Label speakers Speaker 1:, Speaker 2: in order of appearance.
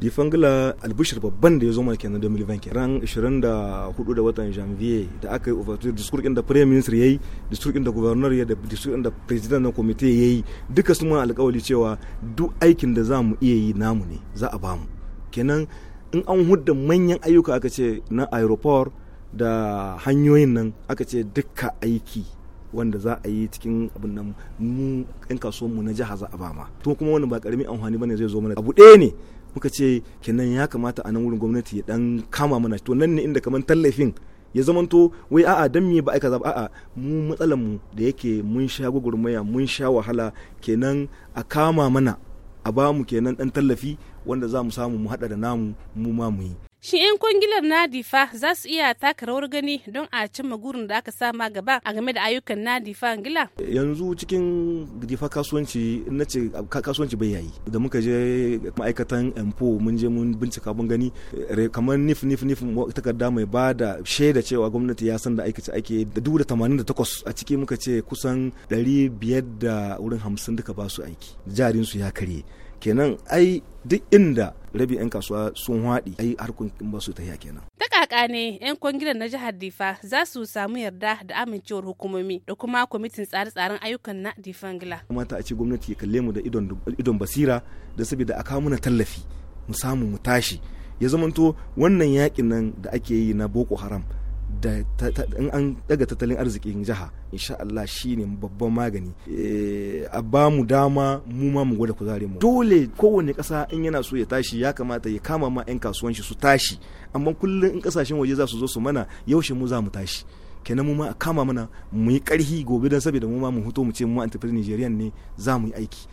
Speaker 1: difangila albushir babban da ya zo mana kenan 2020 ran 24 da watan janvier da aka yi overture discours din da prime minister yayi discours din da governor ya da discours din da president na committee yayi duka sun mana alƙawari cewa duk aikin da zamu iya yi namu ne za a bamu kenan in an hudda manyan ayyuka aka ce na aeroport da hanyoyin nan aka ce duka aiki wanda za a yi cikin abin nan mu yan kasuwanmu mu na jiha za a bama to kuma wani ba karamin amfani bane zai zo mana abu ɗaya ne muka ce kenan ya kamata a nan wurin gwamnati ya dan kama mana to nan ne inda kaman tallafin ya zamanto wai a'a dan me ba aika a'a mu matsalan mu da yake mun sha gwagwarmaya mun sha wahala kenan a kama mana a ba mu kenan dan tallafi wanda za mu samu mu hada da namu mu ma mu yi
Speaker 2: Shin 'yan kwangilar Nadifa za su iya taka rawar gani don a cimma gurin da aka sama gaba a game da ayyukan Nadifa Ngila?
Speaker 1: Yanzu cikin Difa kasuwanci na ce kasuwanci bai yayi. Da muka je ma'aikatan mpo mun je mun bincika mun gani kamar nif nif nif takarda mai ba da shaida cewa gwamnati ya san da aikace ake da dubu da tamanin da takwas a ciki muka ce kusan ɗari biyar da wurin hamsin duka ba su aiki. Jarin su ya karye. kenan ai duk inda rabi 'yan kasuwa sun haɗi ai harkokin ba su ta kenan.
Speaker 2: Ta kaka ne 'yan kwangilan na jihar Difa za su samu yarda da amincewar hukumomi da kuma kwamitin tsare-tsaren ayyukan na gila.
Speaker 1: Kamata a ce gwamnati ya kalle mu da idon basira da saboda a kawo mana tallafi mu samu mu tashi ya zamanto wannan yakin nan da ake yi na Boko Haram da in an daga tattalin arzikin jiha insha Allah shi ne babban magani eh, a ba mu dama mu ma mu gwada kuzari mu dole kowane kasa in yana so ya tashi ya kamata ya kama ma 'yan kasuwan shi su tashi amma kullum in kasashen waje za su zo su mana yaushe mu za mu tashi kenan mu ma a kama mana mu yi karhi gobe don saboda mu ma mu huto mu ce mu entrepreneur Nigeria ne za mu yi aiki